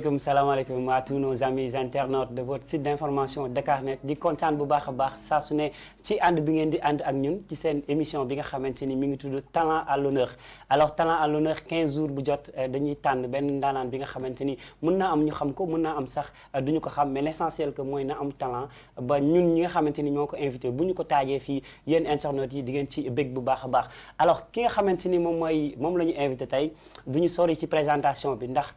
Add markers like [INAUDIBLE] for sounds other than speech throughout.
salaamaaleykum salaamaaleykum à tous nos amis internautes de votre site d'information Dakarnet di kontaan bu baax a baax saa su ne ci ànd bi ngeen di ànd ak ñun ci seen émission bi nga xamante ni mi ngi tudd talent à l'honneur alors talent à l'honneur 15 jours bu jot eh, dañuy tànn benn ndaanaan bi nga xamante ni mën naa am ñu xam ko mën naa am sax eh, duñu ko xam mais l'essentiel ko mooy na am talent ba ñun ñi nga xamante ni ñoo ko invité bu ñu ko taajee fii yéen internautes yi di ngeen ci bég bu baax a baax alors ki nga xamante ni moom mooy moom la ñu invité tey duñu ci présentation bi ndax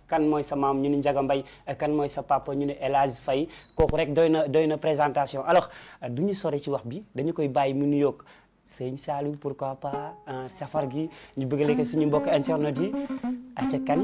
Njaga Mbay euh, kan mooy sa papa ñu ne El fay kooku rek doy na doy na présentation alors euh, du ñu sore si wax bi dañu koy bàyyi mu nu yokk sëñ pour pourquoi pas euh, safar gi ñu bëggale ko suñu mbokk internet yi aca kan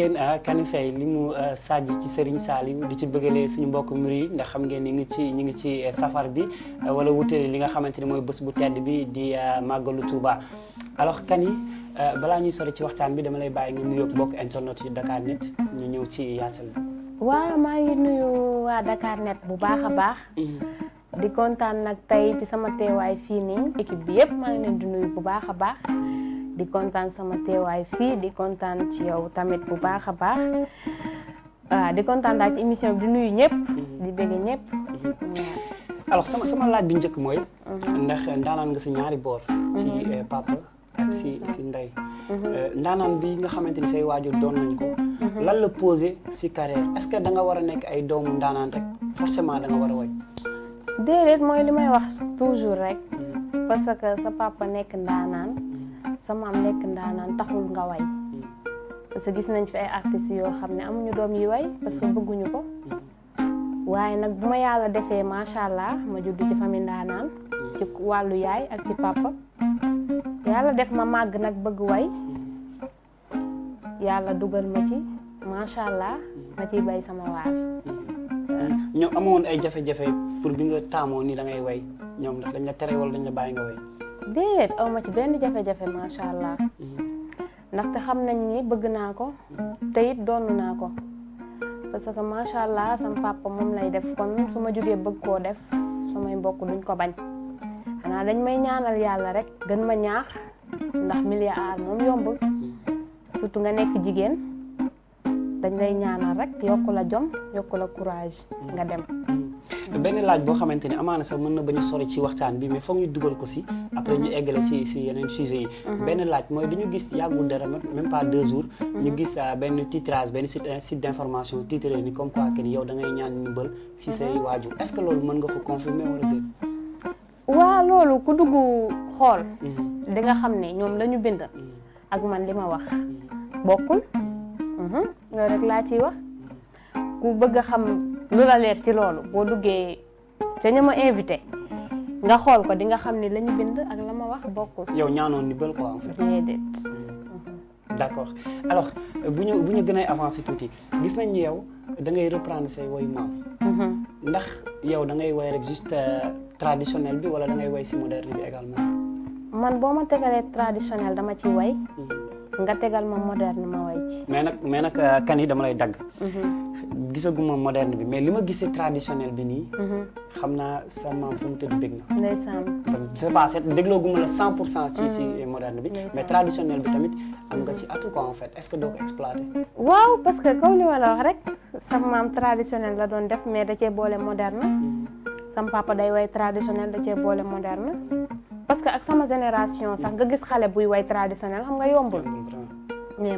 ngeen ah, Kanifeu mm. li mu ah, sajj ci Serigne Saliou di ci bëggalee suñu mbokk murid ndax xam ngeen ni ngi ci ñi ngi ci eh, safar bi eh, wala wutale li nga xamante ne mooy bés bu tedd bi di ah, màggalu Touba. alors Kani eh, balaa ñuy sori ci waxtaan bi dama lay bàyyi nga nuyoog bokk internet yu Dakar Net ñu ñëw ci yaatal bi. waaw maa ngi nuyu waa Dakar Net bu baax a mm. baax. Mm. di kontaan nag tey ci sama teewaay fii nii. équipe bi yëpp maa ngi di nuyu bu baax a baax. di kontaan sama teewaay fii di kontaan ci yow tamit bu baax a baax waaw ah, di kontaan daal ci émission bi nuyu ñëpp. di bëgg ñëpp. Mm-hmm. alors sama sama laaj bi njëkk mooy. Mm-hmm. ndax ndaanaan nga si ñaari boor. si eh, mm-hmm. papa si si ndey. Eh, ndaanaan bi nga xamante ni say waajur doon nañ ko. lan la posé si carrière est-ce que da nga war a nekk ay doomu ndaanaan rek forcément da war a way. déedéet mooy li may wax toujours rek. parce que sa papa nekk ndaanaan. sa maam nekk ndaanaan taxul nga way parce que gis nañ fi ay artistes yoo xam ne amuñu doom yi way parce que bëgguñu ko waaye nag bu ma yàlla defee macha allah ma judd ci famille ndaanaan ci wàllu yaay ak ci papa yàlla def ma màgg nag bëgg way yàlla dugal ma ci macha allah ma ciy bay sama waar ñoom amoon ay jafe-jafe pour bi nga taamoo ni da ngay way ñoom ndax dañ la tere wala dañ la bàyyi nga way déedéet aw ma ci benn jafe-jafe macha allah mm-hmm. ndaxte xam nañ ni bëgg naa ko mm-hmm. te it doonu naa ko parce que macha allah sama papa moom lay def kon su ma jógee bëgg koo def samay mbokk duñ ko bañ xanaa dañ may ñaanal yàlla rek gën ma ñaax ndax milliard moom yombul mm-hmm. surtout nga nekk jigéen dañ lay ñaanal rek yokku la jom yokku la courage nga dem. benn laaj boo xamante ni amaana sax mën na bañ a sori ci waxtaan bi mais foog ñu dugal ko si après ñu eggale si si yeneen sujets yi mhm. benn laaj mooy dañu gis yàggul dara même pas deux jours mhm. ñu gis ah, benn titrage benn site d' information titré ni comme quoi que ni yow da ngay ñaan ndimbal si mhm. say waajur est ce que loolu mën nga ko confirmer wala déet waa loolu ku dugg xool di nga xam ne ñoom lañu ñu bind ak man li ma wax bokkul laa ciy wax ku bëgg a xam lu la leer ci loolu boo duggee ca ña ma invité nga xool ko di nga xam ni la bind ak la ma wax bokkul. yow ñaanoon ni bël ko en fait. déedéet. Hmm. d'accord alors bu ñu bu ñu gën a avancer tuuti gis nañ ni yow da ngay reprendre say woyu maam. Hmm. ndax yow da ngay woy rek juste euh, traditionnel bi wala da ngay woy si moderne bi également. man boo ma tegalee traditionnel dama ci woy. Hmm. nga tegal ma moderne ma woy ci. mais nag mais nag euh, kan yi dama lay dagg. gisaguma moderne bi mais li ma gisee mhm. traditionnel bi nii. Mhm. xam naa sa maam fu mu tëdd bëgg na. ndeysaan. c'est pas déglooguma la 100 pour cent. ci ci mhm. moderne bi. mais traditionnel bi tamit am nga ci atout quoi en fait est-ce que doo ko exploiter. waaw parce que comme li ma la wax rek sama maam traditionnel la doon def mais da cee boole moderne. sama papa day way traditionnel da cee boole moderne. parce que ak sama génération sax nga gis xale buy way traditionnel xam nga y mais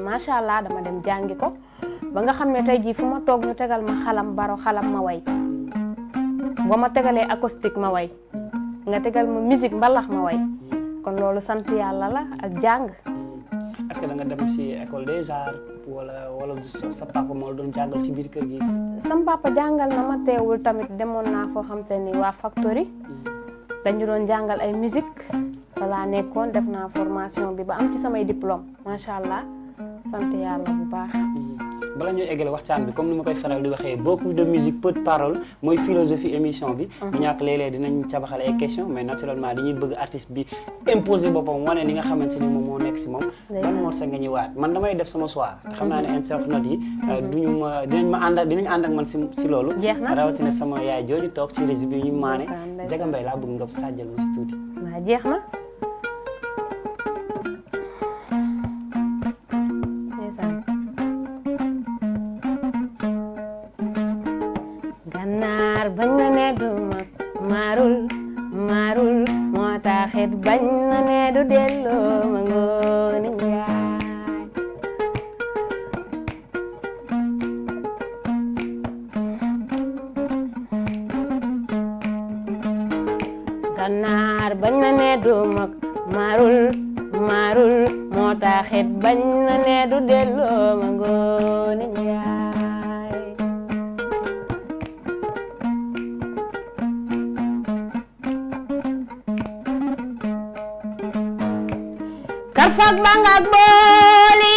ba nga xam ne tey jii fu ma toog ñu tegal ma xalam baro xalam ma way boo ma tegalee acoustique ma way nga tegal ma musique mbalax ma way kon loolu sant yàlla la ak jàng. est que da nga dem ci des wala wala sa papa moo la doon jàngal biir kër gi. sam papa jàngal na ma teewul tamit demoon naa foo xam te ni waa Factory mm. dañu doon jàngal ay musique balaa nekkoon def naa formation bi ba am ci samay diplôme macha allah sant yàlla bu baax. Mm. bala ñuy eggale waxtaan bi comme ni ma koy faral di waxee beaucoup de musique peu de parole mooy philosophie émission bi bu mhm. ñàkk léeg-léeg dinañ cabaxal ay question mais naturellement dañuy bëgg artiste bi imposer boppam wane li nga xamante ni moom moo nekk si moom ban morceau nga ñuy man damay def sama soir te xam naa ne internautes yi euh, duñu ma dinañ ma ànd dinañ ànd ak man si si loolu rawatina sama yaay jooju toog ci régie bi ñu maane Jaga Mbaye laa bëgg nga sàjjal tuuti waa jeex na fag ba nga boole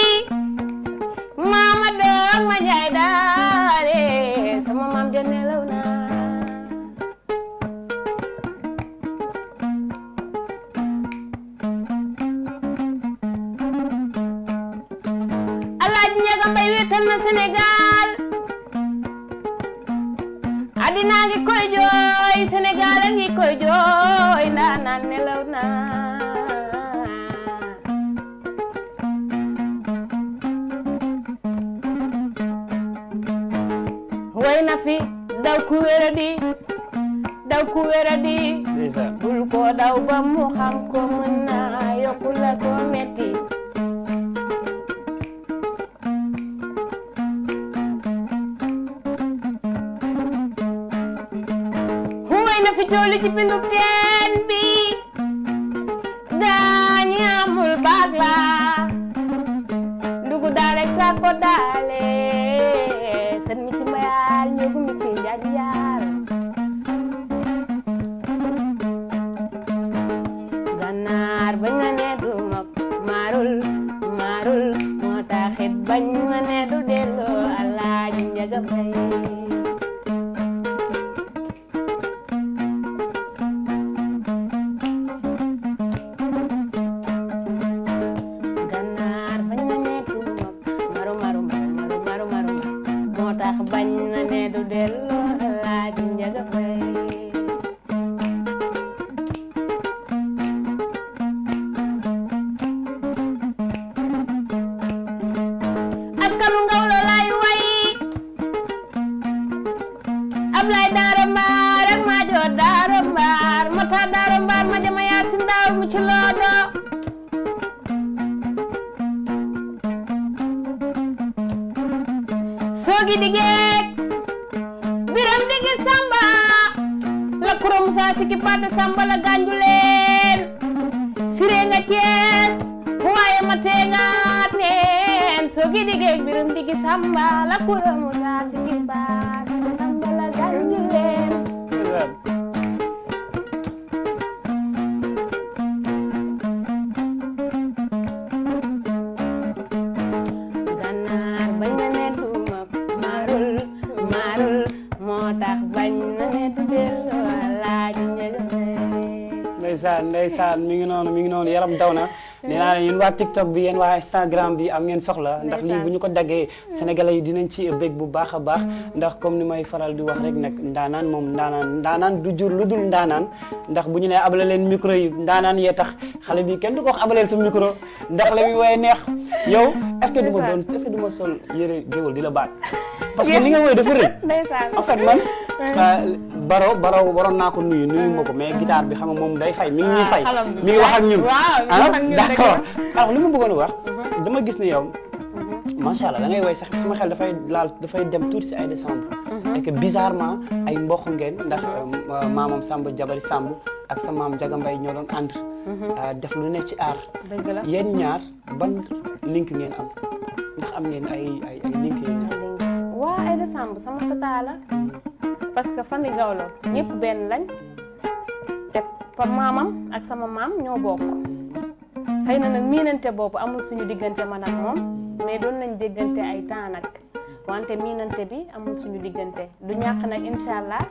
joogi di geek biram digi samba la kurom saa siki samba la ganjuleen siree cees waaye ma teengaat neen soogi di geek biram digi samba la kurom ndeysaan mi ngi noonu mi ngi noonu yaram daw na nee naa ne yéen waa bi yéen waa Instagram bi am ngeen soxla ndax lii bu ñu ko daggee sénégalais yi dinañ ci bég bu baax a baax mm. ndax comme ni may faral di wax rek nag ndaanaan moom ndaanaan ndaanaan du jur lu dul ndaanaan ndax bu ñu nee abale leen micro yi ndaanaan yee tax xale bi kenn du ko wax abaleel sa micro ndax la muy woye neex yow est-ce que du ma doon est-ce que du sol yére di la baat [LAUGHS] parce que nga woy dafa rëy en man Ah, baro baro waroon naa ko nuyu nuyu ma ko mais guitare bi xam nga moom day fay mi ngi ñuy ah, fay mi ngi wax ak ñun ah d'accord alors li ma bëggoon wax mhm. dama gis ne yow mhm. macha allah da ngay woy sax sama xel dafay laal dafay dem tuuti si ay décembre mhm. et que bizarrement ay mboq ngeen ndax euh, maamam Samba Jabari Samb ak sa maam Jaga Mbay ñoo doon ànd euh, def lu ne ci aar yéen ñaar ban link ngeen am ndax am ngeen ay ay ay waa Aïda Samb sama tata la parce que famille Gawlo ñëpp benn lañ te fa maamam ak sama maam ñoo bokk xëy na nag miinante boobu amul suñu diggante man ak moom mais doon lañ déggante ay temps nag wante miinante bi amul suñu diggante du ñàkk nag incha allah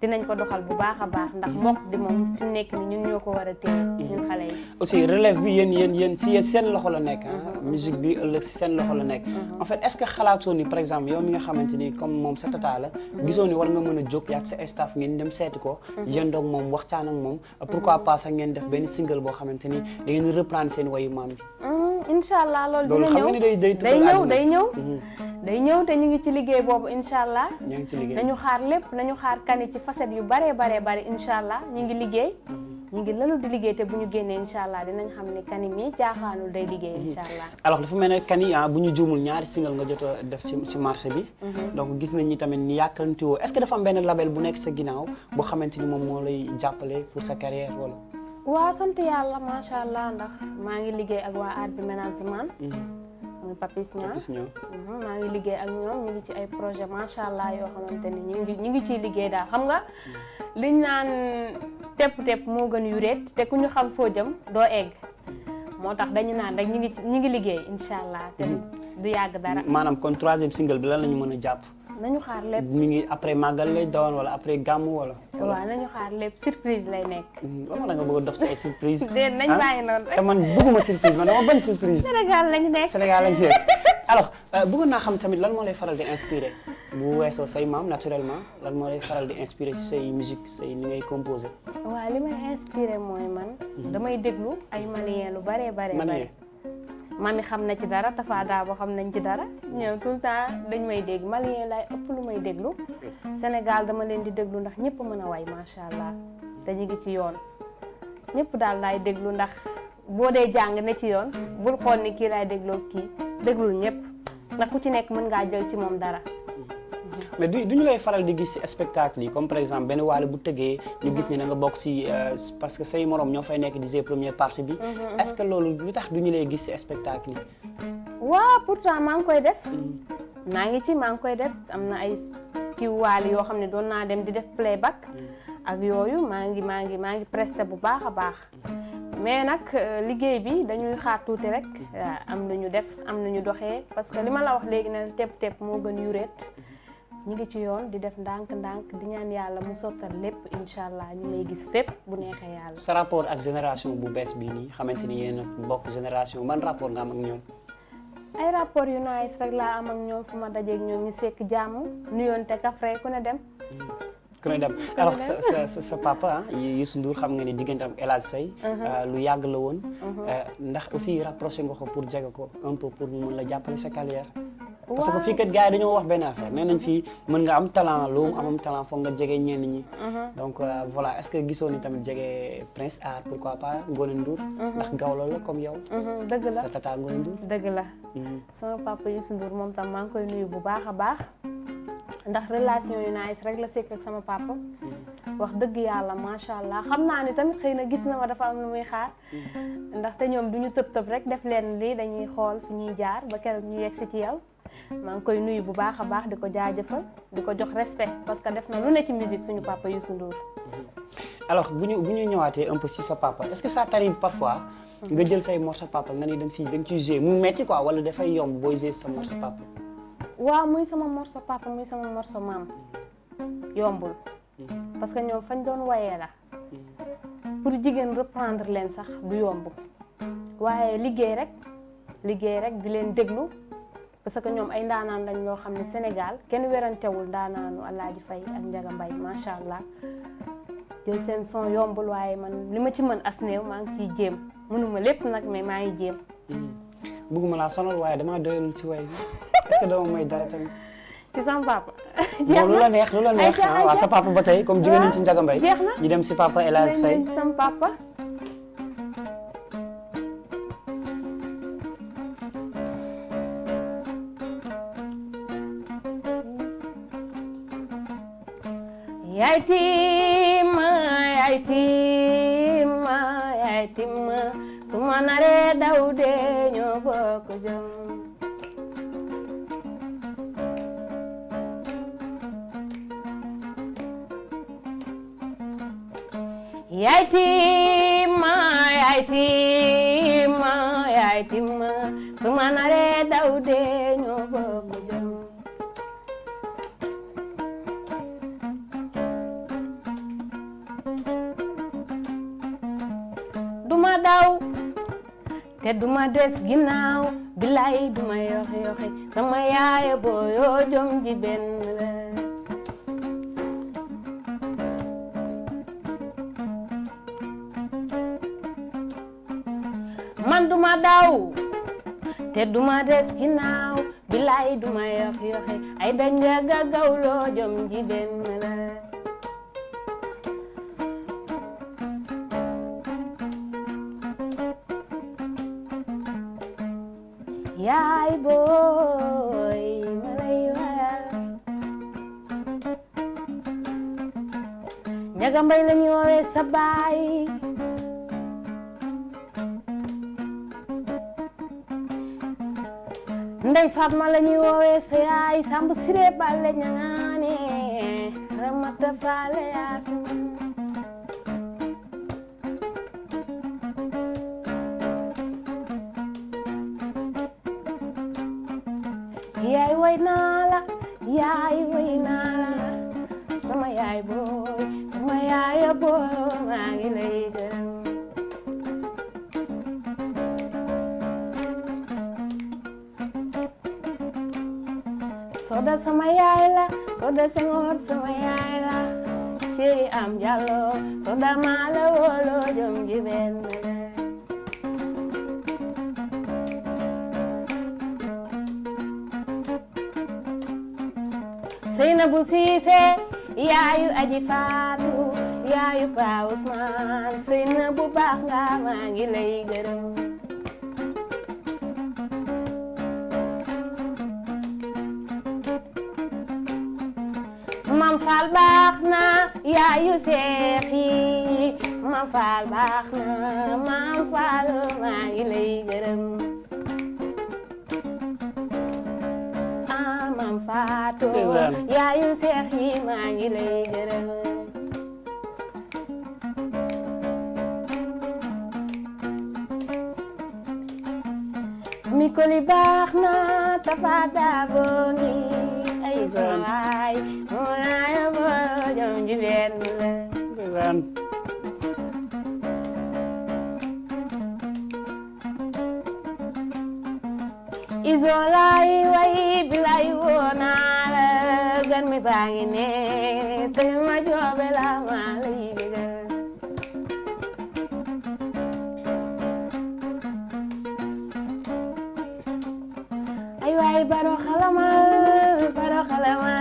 dinañ ko doxal bu baax a baax ndax mbokk di moom fi nekk ni ñun ñoo ko war a téye ñun xale yi aussi relève bi yéen yéen yéen si seen loxo la nekk ah, musique bi ëllëg si seen loxo la nekk mhm. en fait est-ce que xalaatoo ni par exemple yow mi nga xamante ni comme moom sa tata mhm. war nga mën a jóg yaag sa ngeen dem seetu ko mhm. yéen doog moom waxtaan ak moom pourquoi pas sax ngeen def benn single boo xamante ni da ngeen reprendre seen wayu maam bi incha allah loolu dina ñëw day ñëw mhm. day ñëw te ñu ngi ci liggéey boobu incha allah nañu xaar lépp nañu xaar kani ci facette yu baree baree bari incha allah ñu ngi liggéey mhm. ñu ngi lalu di liggéey te bu ñu génnee incha allah dinañ xam ne kani mii jaaxaanul day liggéey mhm. incha allah alors dafa mel ne kani ah, bu ñu juumul ñaari single nga jot a def si si marché bi donc gis nañ ni tamit ni yàkkantiwoo est-ce que dafa am benn label bu nekk sa ginnaaw boo xamante ni moom moo lay jàppale pour sa carrière wala waa sant yàlla macha allah ndax maa ngi liggéey ak waa Art bi Management. Mhm. muy Papis Niang mhm, maa ngi liggéey ak ñoom ñu ngi ci ay projet macha allah yoo xamante ni ñu ngi ñu ngi ciy liggéey daal xam nga. Mhm. liñ naan tepp tepp moo gën yuréet te ku ñu xam foo jëm doo egg. moo tax dañu naan rek ñu ngi ñu ngi liggéey incha allah. te du yàgg dara. maanaam kon troisième single bi la ñu mën a jàpp. nañu xaar lépp mi ngi après màggal lay doon wala après gàmm wala. waaw nañu xaar lépp surprise lay nekk. Mm, wala da nga bëgg a sa ay surprise. [LAUGHS] déedéet ah, man bëgguma surprise man dama bañ surprise. Sénégal lañu nekk Sénégal lañu nekk. alors euh, bëggoon naa xam tamit lan moo lay faral di inspiré bu weesoo say maam naturellement lan moo lay faral di inspiré ci say musique say li ngay composé. waaw li may inspiré mooy man. Mhm. damay déglu ay malien lu bare bare. malien mami xam na ci dara Tafa Dabo xam nañ ci dara ñoom tout le temps dañ may dégg malien laay ëpp lu may déglu Sénégal dama leen di déglu ndax ñëpp mën a way macha allah te ñu ngi ci yoon ñëpp daal lay déglu ndax boo dee jàng ne ci yoon bul xool ni kii laay dégloo kii déglul ñëpp ndax ku ci nekk mën ngaa jël ci moom dara mais du ñu lay faral di gis si spectacle yi comme par exemple benn waale bu tëggee ñu gis ne da nga bokk ci euh, parce que say moroom ñoo fay nekk di première partie bi. Mm-hmm. est-ce que loolu lu tax du ñu lay gis ci spectacle yi. waaw pourtant maa ngi koy def. Mm. maa ngi ci maa ngi koy def am na ay kii waale yoo xam ne doon naa dem di def playback. Mm. ak yooyu maa ngi maa ngi maa ngi presté bu baax a baax. mais nag euh, liggéey bi dañuy xaar tuuti rek mm. euh, am na ñu def am na ñu doxee parce que li ma la wax léegi nag tepp tepp moo gën yuréet ñu ngi ci yoon di def ndànk-ndànk di ñaan yàlla mu sottal lépp incha allah ñu lay gis fépp bu neexee yàlla. sa rapport ak génération bu bees bii nii xamante ni yéen bokk génération man rapport nga am ak ñoom. ay rapport yu naa rek laa am ak ñoom fu ma dajeeg ñoom ñu sekk jàmm nuyoonte kafre ku ne dem. ku ne dem alors sa sa sa papa ah, Youssou Ndour xam nga ni diggante ak El Hadj uh-huh. euh, lu yàgg la woon. Uh-huh. Euh, ndax aussi rapproché nga ko pour jege ko un peu pour mu mën la jàppale sa carrière. parce que fii kat gars yi dañoo wax benn affaire nee nañ fii mën nga am talent lu mu amam talent foog nga jege ñenn ñi. Mhm. donc euh, voilà est-ce que gisoo ni tamit jege Prince Art pourquoi pas Ngoné Ndour. Mhm. ndax gawlo la comme yow. Mhm, dëgg la sa tata Ngoné Ndour. la. sama papa Youssou Ndour moom tam maa ngi koy nuyu bu baax a baax ndax relation yu nice rek la sekk ak sama papa. wax dëgg yàlla macha allah xam naa ni tamit xëy na gis na ma dafa am lu muy xaar. ndaxte ñoom du ñu tëb tëb rek def leen lii dañuy xool ñuy jaar ba keroog ñu yegg si maa ngi koy nuyu bu baax a baax di ko jaajëfal di ko jox respect parce que def na lu ne ci musique suñu papa Youssou Ndour. Mhm. alors bu ñu bu ñu ñëwaatee un peu sa papa est-ce que ça t'arrive parfois. nga jël say morceau papa nga ne da nga siy da nga ciy jouer mu metti quoi wala dafay yomb booy jouer sa morceau papa. waaw muy sama morceau papa muy sama morceau maam yombul. Mhm. parce que ñoom fañ doon wayee la. Mhm. pour jigéen reprendre leen sax du yomb waaye liggéey rek liggéey rek di leen déglu. parce que ñoom ay ndaanaan lañ loo xam ne Sénégal kenn werantewul ndaanaanu Alaaji Faye ak Njaga mbay macha allah jël seen son yombul waaye man li ma ci mën as néew maa ngi ciy jéem ma lépp nag mais maa ngi jéem. Mm-hmm. ma laa sonal waaye damaa doyalul ci way bi est que dama may dara tamit. [LAUGHS] ci sama papa. [LAUGHS] jeex la neex lu la neex. waaw sa ba tey comme jóge ci Njaga mbay jeex na ñu dem si papa El Hadj Faye. sama papa. timma yaay timma yaay timma su ma naree daw dee ñoo bokk jëm yaay timma yaay timma yaay timma su ma naree te duma des ginnaaw billaay duma yoxi yoxi sama yaaya boo yoo jom ji benn la man duma daw te duma des ginnaaw billaay duma yoxi yoxi ay benn ga gawloo jom ji benn njaga mbay la ñuy woowee sa baay ndey Fatma la ñuy woowee sa yaay Samb Siré Bale ñangaane Ramata Faale Yaasin sëy na bu baax nga maa ngi lay gërëm mam faal baax na yaayu seex yi mam faal baax na mam faal maa ngi lay gërëm ah mam faatu yaayu seex yi maa ngi lay gërëm koli baax na Tafa Dabo ngi ay sawaay mu naay boo jom ji benn la isolay bilay woo naa la ngi nee ay waay baro xalama baro xalama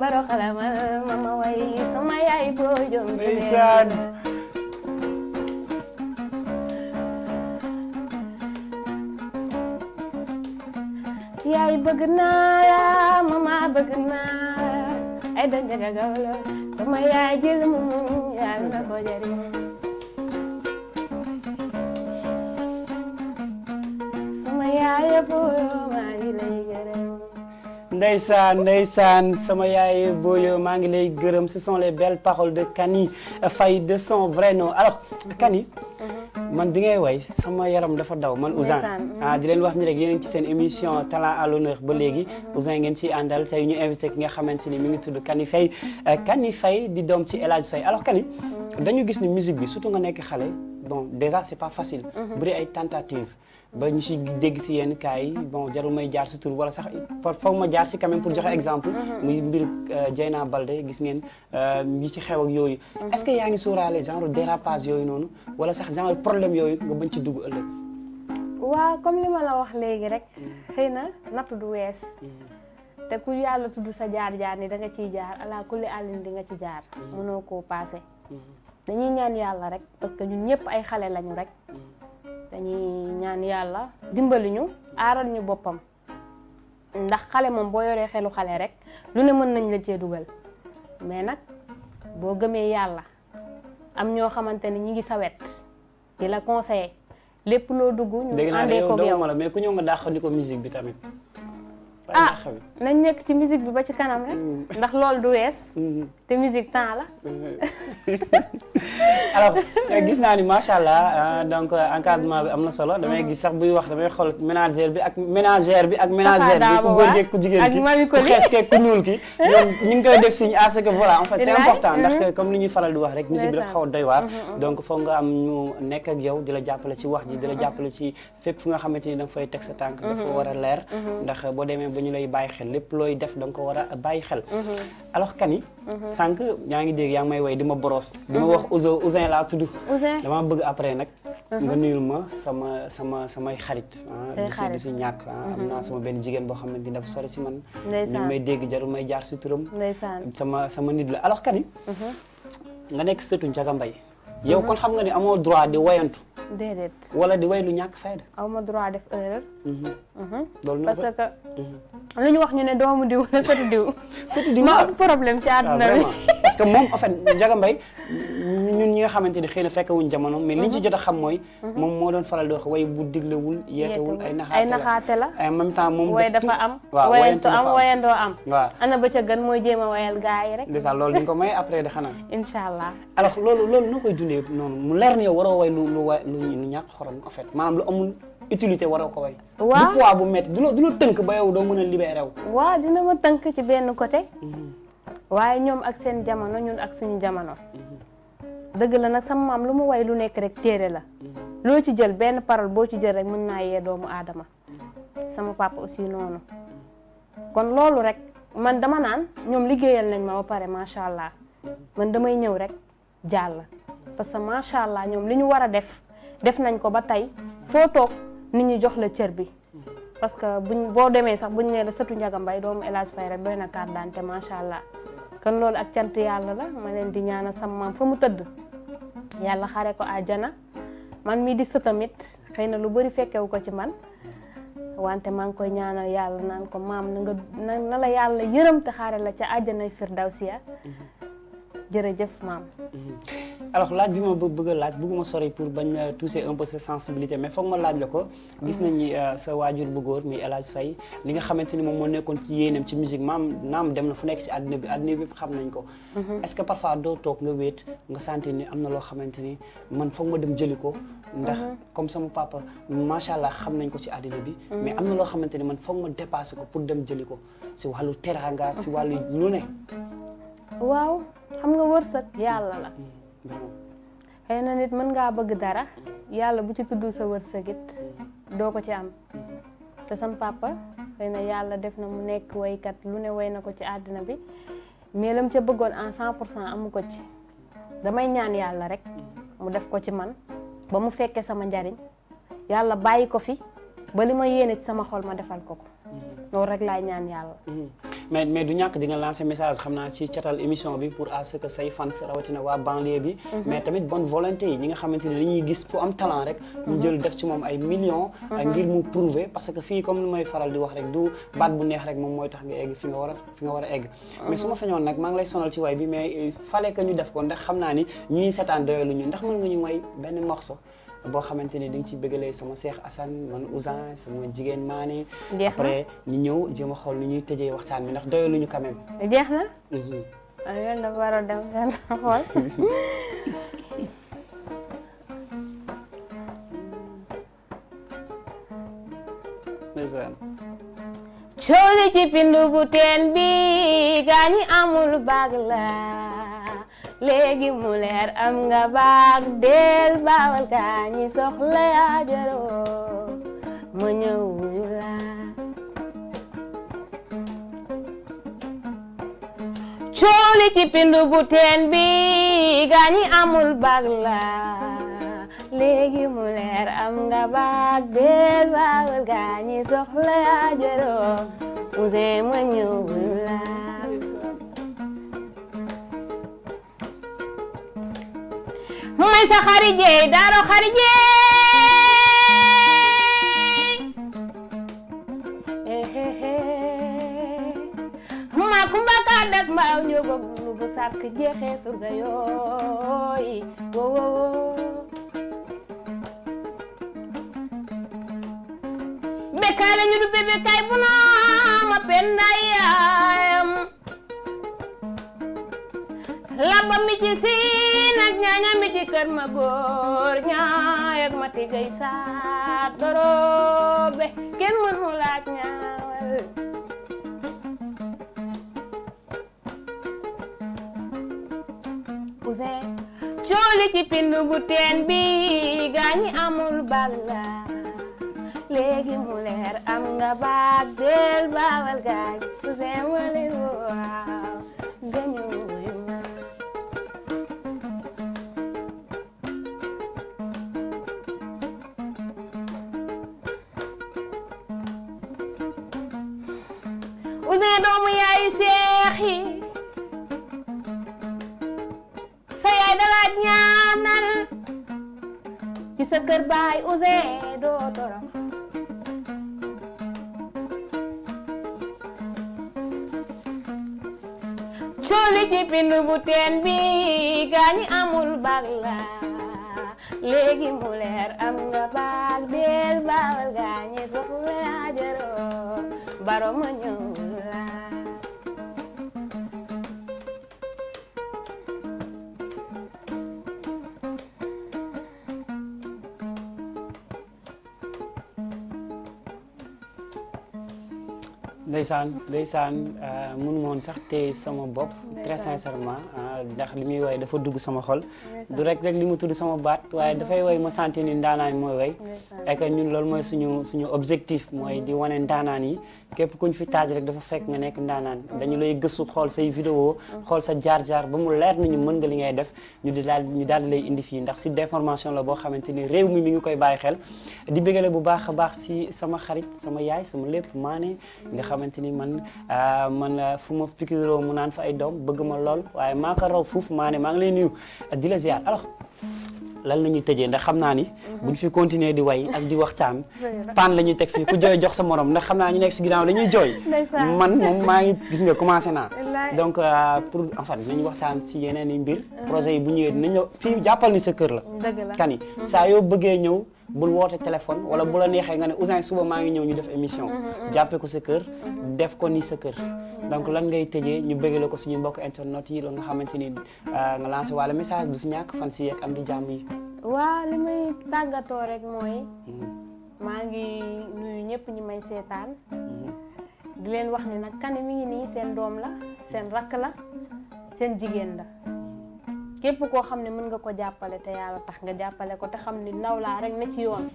baro xalama mama way sama yaay boo jom ndeysaan bëgg naa la mama bëgg naa ay da njaga gawlo sama yaay jël mu muñ yàlla na ko Ndeysaan ndeysaan sama yaay booyo maa ngi lay gërëm si sont les belles paroles de kani fay de son vrai nom alors Kany mhm. man bi ngay way sama yaram dafa daw man Ouzin ah mhm. di leen wax ni rek yéen ci seen émission talent à ba léegi Ouzin ngeen ciy àndal tey ñu invité ki nga xamante ni mi ngi tudd kani fay mhm. euh, kani fay di doom ci El Hadj Faye alors dañu gis ni musique bi surtout nga nekk xale bon déjà c'est pas facile. Mhm. bëri ay tentatives ba ñu si dégg si yenn kaay yi bon jarul may jaar si tur wala sax foog ma jaar si quand pour joxe exemple. Mhm. muy mbir euh, Dieyna Baldé gis ngeen euh, ñi ci xew ak yooyu. Mhm. est-ce que yaa ngi sóoraale genre dérapage yooyu noonu wala sax genre problème yooyu nga bañ ci dugg ëllëg. waaw comme li ma la wax léegi rek. Mm. xëy na nattu du wees. Mm. te ku yàlla tudd sa jaar-jaar ni da nga ciy jaar ala kulli àllin di nga ci jaar. Mm. mënoo koo paase. dañuy ñaan yàlla rek parce ñu ñun ñëpp ay xale lañu rek dañuy ñaan yàlla dimbali ñu aaral ñu boppam ndax xale moom boo yoree xelu xale rek lu ne mën nañ la cee dugal mais nag boo gëmee yàlla am ñoo xamante ni ñu ngi sawet di la conseiller lépp loo dugg. ñu àndee ko yow dégg naa mais ku ñëw nga dàq ni ko musique bi tamit. ah nañ nekk ci musique bi ba ci kanam rek. Mm. ndax lool du wees. Mm-hmm. te musique temps la. [LAUGHS] alors euh, gis naa ni macha allah euh, donc euh, encadrement bi am na solo. damay mm-hmm. gis sax buy wax damay xool ménagère bi ak ménagère bi ak ménagère bi ku góor ah, geeg ku jigéen ki ku xees keeg ku ñuul [LAUGHS] ñu ngi koy def signe à ce que voilà en fa c'est important mm-hmm. ndax comme li ñuy faral di wax rek. musique bi dafa xaw a doy waar. donc foog nga am ñu nekk ak yow di la jàppale ci wax ji di la jàppale ci fépp fu nga xamante ni da nga teg sa tànk. dafa dañu lay bàyyi xel lépp looy def da nga ko war a bàyyi xel. Mhm. alors kani mhm. sànq yaa ngi dégg yaa ngi may woy di ma boros. di ma mhm. wax Ousin Ousin laa tudd. Ousin dama bëgg après nag. nga nuyul ma sama sama samay xarit. Ah, du si ñàkk ah, am naa sama benn jigéen boo xam ne ni dafa sori si man. na may dégg jarul may jaar si turam. sama sama nit la alors kani nga nekk sëtu Ndiaga Mbaye yow kon xam nga ni amoo droit di wayantu. déedéet di way lu ñàkk fayda. aw droit def erreur. Mm-hmm. Mm-hmm. Mm-hmm. lu ñu wax ñu ne doomu diw la sëtu [LAUGHS] ma am problème ci àdduna ah, bi parce que moom en fait a Mbaye ñun ñi nga xamante ni xëy na fekkewuñ jamono mais liñ ci jot a xam mooy. moom moo doon faral di wax way bu diglewul yeetewul ay naxaate la ay en même temps moom. way dafa am waaw wayantu am wayandoo ana ba mooy jéem a wayal gars yi rek. [LAUGHS] loolu loolu loolu koy dundee noonu mu leer ne yow waroo way lu lu xorom en fait maanaam lu amul utilité waroo ko way waa du bu métti la tënk ba yow doo mën a libéré wu waaw dina ma tënk ci benn côté mhm. waaye ñoom ak seen jamono ñun ak suñu jamono mhm. dëgg la nag sama maam lu mu way lu nekk rek téere la mhm. loo ci jël benn parole boo ci jël rek mën naa yee doomu aadama sama papa aussi noonu kon loolu rek man dama naan ñoom liggéeyal nañ ma ba pare macha allah man damay ñëw rek jàll parce que macha allah ñoom li ñu war a def def nañ ko ba tey foo toog nit ñi jox la cër bi parce que buñ boo demee sax buñ nee la satu Njaga Mbay doomu élage Hadj rek doy na kaar daan te macha allah kon loolu ak cant yàlla la ma leen di ñaana sama maam fa mu tëdd yàlla xare ko àjjana man mii di sëtamit xëy na lu bëri fekkewu ko ci man wante maa ngi koy ñaanal yàlla naan ko maam na nga na la yàlla yërëm te xaare la ca àjjana firdawsiya jërëjëf maam. Mhm. alors laaj bi ma bëgg a laaj bëgguma sori pour bañ a toucher un peu sa sensibilité mais foog ma laaj la ko. gis nañ ni euh, sa waajur bu góor mi El li nga xamante ni moom moo nekkoon ci yéenam ci musique maam naam dem na fu nekk ci àddina bi àddina ko. Mhm. est-ce que doo toog nga wéet nga sentir ni am na loo xamante ni man foog ma dem jëli ko. ndax mhm. comme sama papa macha allah xam nañ ko ci àddina bi. mais am na loo xamante ni man foog ma dépasser ko pour dem jëli ko si wàllu teraanga ak si wàllu lu ne. waaw. xam nga wërsëg yàlla la mm, xëy na nit mën ngaa bëgg dara yàlla bu ci tudd sa wërsëg it doo ko ci am te sam papa xëy na yàlla def na mu nekk waykat lu ne way na ko ci àddina bi mais lam ca bëggoon en cent pour cent amu ko ci damay ñaan yàlla rek mu def ko ci man ba mu fekkee sama njariñ yàlla bàyyi ko fi ba li ma yéene ci sama xol ma defal ko ko Mmh. loolu rek laay ñaan yàlla. Mmh. mais mais du ñàkk di nga lancer message xam naa ci catal émission bi pour à ce que say fans rawatina waa banlieue bi. Mmh. mais tamit bonne volonté yi ñi nga xamante li ñuy gis fu am talent rek. ñu jël def ci moom ay millions. ngir mu prouver parce que fii comme lu may faral di wax rek du baat bu neex rek moom mooy tax nga egg fi nga war a fi nga war a egg. mais su ma sañoon nag maa ngi lay sonal ci way bi mais fallait que ñu def ko ndax xam naa ni ñuy seetaan doyalu ñu ndax mën ñu may benn morceau. boo xamante ni di nga ci bëggalee sama Cheikh Assane man Ousan sama jigéen maane après ñu ñëw jéem a xool nu ñuy tëjee waxtaan bi ndax doyaluñu quand même jeex na loolu mhm. ah, dafa war a dem gën a xool ci pindu bu teen bi gaañi amul baag la léegi mu leer am nga baag del baawal kaa ñi soxla yaa jaroo ma ñëw wuyu la cooli ci pindu bu teen bi gaa ñi amul baag la léegi mu leer am nga baag del baawal kaa ñi soxla yaa jaroo mu ma ñëw wuyu la mu may sa xarijey daaro xarijey ehehe eh. ma kumba ka dak ma ñogo gulu bu sàkk jeexe surga yooy wo wo bekkaay ñu du be bekkaay bu no ma pendaay yaayam laba mi nag ñaaña mi ci kër ma góor ñaay ak mati gay saat doroobe kenn mënu laaj ñaawal use cooli ci pindu bu teen bi gaañi amul balla léegi mu leer am nga baag del baawal gaañ use ma leen woo kër baay Ouzin doo torom ci pind bu teen bi gaañi amul bag la léegi mu am nga bag beel baal gaañi soxla jaroo baro ma ñëw ndeysaan ndeysaan euh, mënu ma woon sax te sama bopp très sincèrement euh, ndax li muy woy dafa dugg sama xol du rek rek li mu tudd sama baat waaye dafay woy ma santi ni ndaanaan mooy woy et ñun loolu mooy suñu suñu objectif mooy di wane ndaanaan yi képp kuñ fi taaj rek dafa fekk nga nekk ndaanaan dañu lay gëstu xool say vidéo xool sa jaar-jaar ba mu leer nañu mën nga li ngay def ñu di daal ñu daal di lay indi fii ndax si deformation la boo xamante ni réew mi mu ngi koy bàyyi xel di bégale bu baax a baax si sama xarit sama yaay sama lépp maane nga xamante ni man ah, man ah, fu ma pikiroo mu naan fa ay doom bëgg ma lool waaye maa ko raw fuuf maane maa ngi lay nuyu di la ziar lan la ñuy tëjee ndax xam naa ni bu mhm. buñ fi continuer di way ak di waxtaan paan la ñuy teg fii ku jooy jox sa morom ndax xam naa ñu nekk si ginnaaw dañuy jooy man moom maa ngi gis nga commencé naa donc euh, pour en fait nañu waxtaan si yeneen i mbir mhm. projet yi bu ñëwee dinañ ñëw fii jàppal ni sa kër la kan yi mhm. saa yoo bëggee ñëw bul woote téléphone wala bu la neexee nga ne Ouzin suba maa ngi ñëw ñu def émission. Mm-hmm, mm-hmm. jàppee ko sa kër. Mm-hmm. def ko ni sa kër. donc lan ngay tëjee ñu la ko suñu mbokk internet yi la nga xamante ni euh, nga lancé wala message du si ñàkk fan si yeeg am di jàmm yi. waa li may tàggatoo rek mooy. maa ngi nuyu ñëpp ñu may seetaan. di leen wax ni nag Kane mi ngi nii seen doom la seen rakk la seen jigéen la. képp koo xam ne mën nga ko jàppale te yàlla tax nga jàppale ko te xam ni ndaw laa rek na ci yoon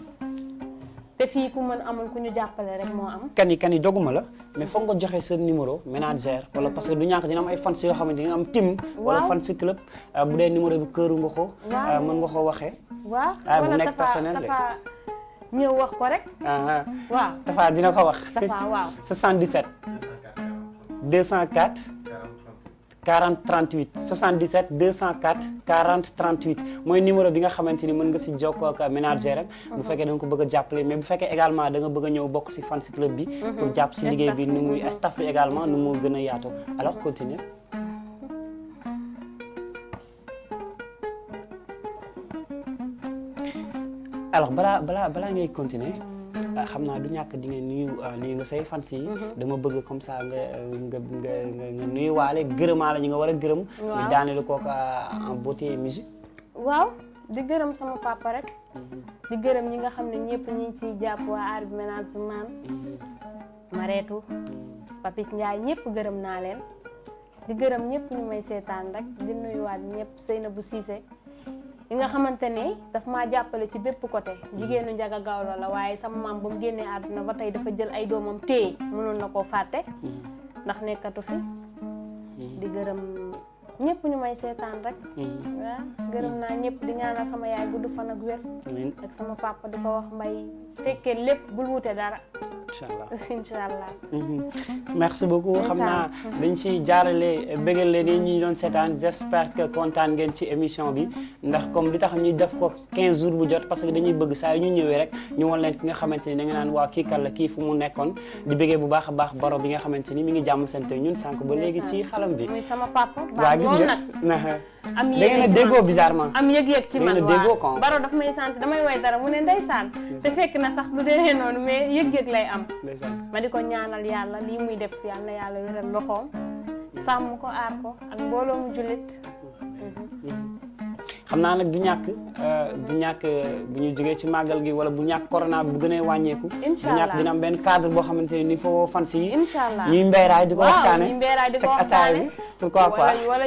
te fii ku mën amul ku ñu jàppale rek moo am. kani kani doguma la mais foog nga joxe seen numéro ménagère wala parce que du ñàkk dina am ay fans yoo xamante dina am team. wala fans club euh, bu dee numéro bi këru nga ko. Euh, mën nga ko waxee. waa ah, bu nekk personnel de. ñëw wax ko rek. Ah, ah. waaw dina ko wax. Tafa waaw 77. [LAUGHS] 204. 40 38 77 204 mooy numéro bi nga xamante ni mën nga si jokkook ak ménager am mhm. bu fekkee da nga ko bëgg a jàppale mais bu fekkee également da bëgg a ñëw bokk si fans club bi mhm. pour jàpp si liggéey bi nu muy staff bi également nu mu gën a yaatu alors continue alors balaa balaa balaa ngay continuer Euh, xam naa du ñàkk di nga nuyu euh, nuyu nga say fans yi mm-hmm. dama bëgg comme ça nga nga nga nga nuyuwaale gërëmaa la ñu nga war a gërëm ñu daaneelu kooku euh, en beauté et musique waaw di gërëm sama papa rek mm-hmm. di gërëm ñi nga xam ne ñëpp ñi ci ciy jàpp waa aar bi management mm-hmm. Mareetu Papis Ndiaye ñëpp gërëm naa leen di gërëm ñëpp ñu may seetaan rek di nuyuwaat ñëpp bu siise yi nga xamante ne daf maa jàppale ci bépp côté jigéenu Njaga Gawlo la waaye sama maam ba mu génnee àdduna ba tey dafa jël ay doomam téye mënoon na koo fàtte ndax nekkatu fi di gërëm ñëpp ñu may seetaan rek waaw gërëm naa ñëpp di ñaanal sama yaay du fan ak wér ak sama papa di ko wax mbay fekkee lépp bul wute dara incha allah [LAUGHS] incha allah. Mhm. merci beaucoup xam naa dañ siy jaarale eh, bëggal leen yi ñuy doon seetaan j'espère que kontaan ngeen ci émission bi ndax comme li tax ñuy def ko 15 jours bu jot parce que dañuy bëgg saa yu ñu ñëwee rek ñu wan ki nga xamante ni da nga naan waa kii kan la kii fu mu nekkoon di bëggee bu baax a baax boro bi nga xamante ni mu ngi jàmm sante ñun sànq ba léegi ci xalam bi. muy sama papa. waaw gis nga am yëg-yëg da ngeen a déggoo am yëg-yëg ci man waaw baro daf may sant damay woy dara mu ne ndeysaan am ma di ko ñaanal yàlla lii muy def yàlla na yàlla wéral loxoom sàmm ko aar ko ak mbooloo xam naa nag du ñàkk euh, du ñàkk euh, bu ñu jógee ci màggal gi wala bu ñàkk corona bu gën a wàññeeku du ñàkk dina am benn cadre boo xamante ni foo fan si ñuy mbeyraay di ko waxtaane teg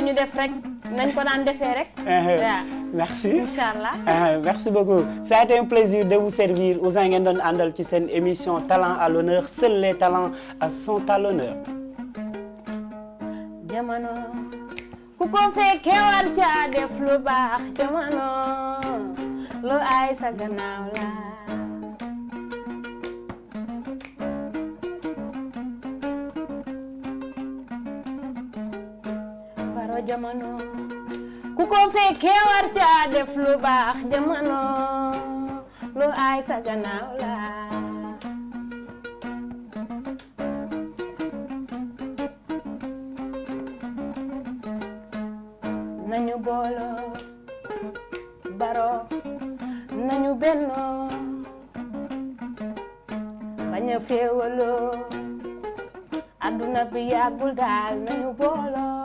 ñu def rek nañ ko daan defee rek [LAUGHS] eh, eh. merci incha allah ah, merci beaucoup ça a été un plaisir de vous servir Ouzin ngeen doon àndal ci seen émission talent à l'honneur seuls les talents sont à l'honneur jamono ku ko fekkee war ca def lu baax jamono lu ay sa gannaaw la baro jamono ku ko fekkee war caa def lu baax jamono lu ay sa gannaaw la nañu boolo baro nañu benno bañ a féewaloo adduna bi yàggul daal nañu boolo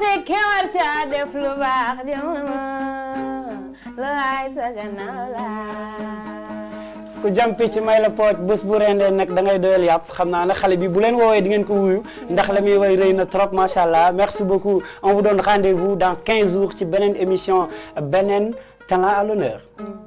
fekke war ca def lu la ku jam picc may la pooj bés bu rendee nag da ngay doyal yàpp xam naa ne xale bi bu leen woowee di ko wuyu ndax la muy woy rëy trop macha allah merci beaucoup on vous donne rendez-vous dans 15 jours ci beneen émission beneen talent à l'honneur